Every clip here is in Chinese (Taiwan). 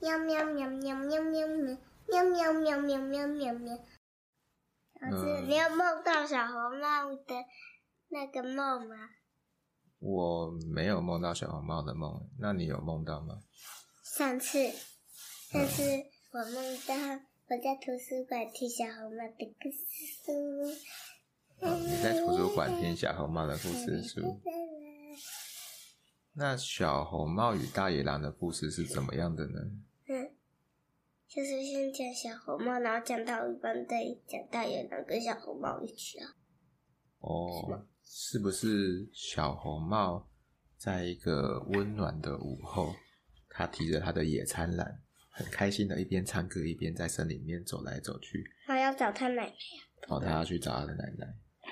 喵喵喵喵喵喵喵喵喵喵喵喵喵！老師，你有夢到小紅帽的那個夢嗎？我沒有夢到小紅帽的夢，那你有夢到嗎？上次，上次我夢到我在圖書館聽小紅帽的故事書。哦，你在圖書館聽小紅帽的故事書。那小紅帽與大野狼的故事是怎麼樣的呢？就是先講小紅帽，然後講到一半再講到野狼跟小紅帽一起啊哦，oh, 是，嗎是不是小紅帽在一個溫暖的午後，他提着他的野餐籃，很開心的一邊唱歌一邊在森林裡面走來走去。他、oh, 要找他奶奶、啊。哦，oh, 他要去找他的奶奶。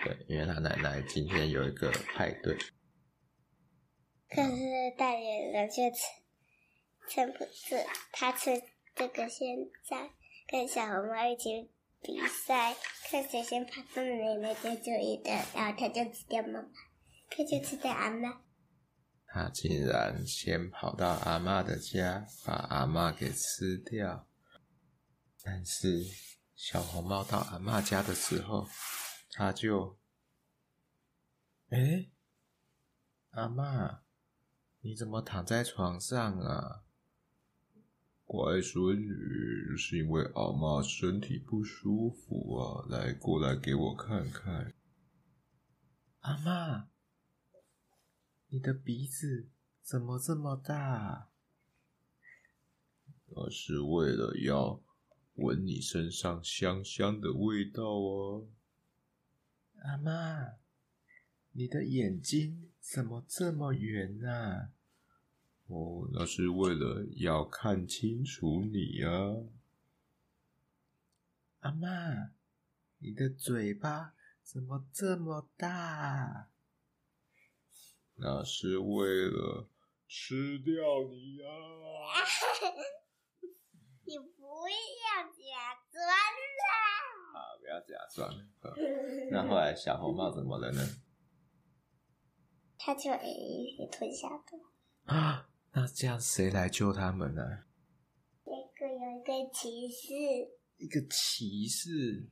對，對，因為他奶奶今天有一個派對。可是，大野狼卻吃，oh. 吃不是他吃。這個現在跟小紅帽一起比賽，看誰先爬到奶奶家最的。然後它就吃掉媽媽，它就吃掉阿嬤。它竟然先跑到阿嬤的家，把阿嬤給吃掉。但是小紅帽到阿嬤家的時候，它就，哎，阿嬤，你怎麼躺在床上啊？乖孫女，是因為阿媽身體不舒服啊，來，過來給我看看。阿媽，你的鼻子怎麼這麼大啊？那是為了要聞你身上香香的味道哦、啊。阿媽，你的眼睛怎麼這麼圓啊？哦，oh, 那是為了要看清楚你呀，啊，阿媽，你的嘴巴怎麼這麼大？那是為了吃掉你呀，啊啊！你不要假裝了，啊。好、 啊，不要假裝。那後來小紅帽怎麼了呢？他就被，欸欸，吞下了。啊。那這樣誰來救他們呢？啊？這個有一個騎士，一個騎士。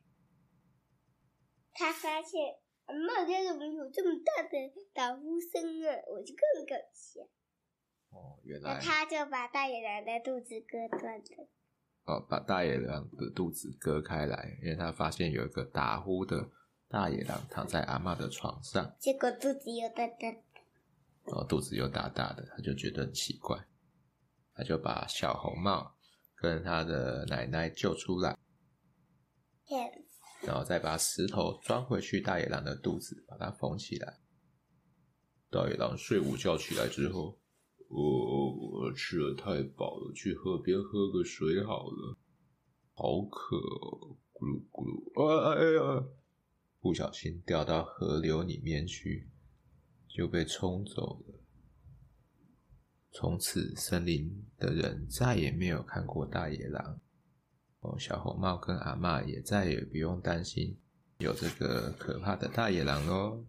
他發現阿嬤家，怎麼有這麼大的打呼聲啊？我就更搞笑。哦，原來他就把大野狼的肚子割斷了。哦，把大野狼的肚子割開來，因為他發現有一個打呼的大野狼躺在阿嬤的床上，結果肚子有大大。然後肚子又大大的，他就覺得很奇怪，他就把小紅帽跟他的奶奶救出來，Yes. 然後再把石頭裝回去大野狼的肚子，把它縫起來。大野狼睡午覺起來之後，我、哦、我吃的太飽了，去河邊喝個水好了，好渴，咕嚕咕嚕，啊、哎呀，不小心掉到河流裡面去。就被沖走了。從此，森林的人再也沒有看過大野狼，小紅帽跟阿媽也再也不用擔心有這個可怕的大野狼嘍。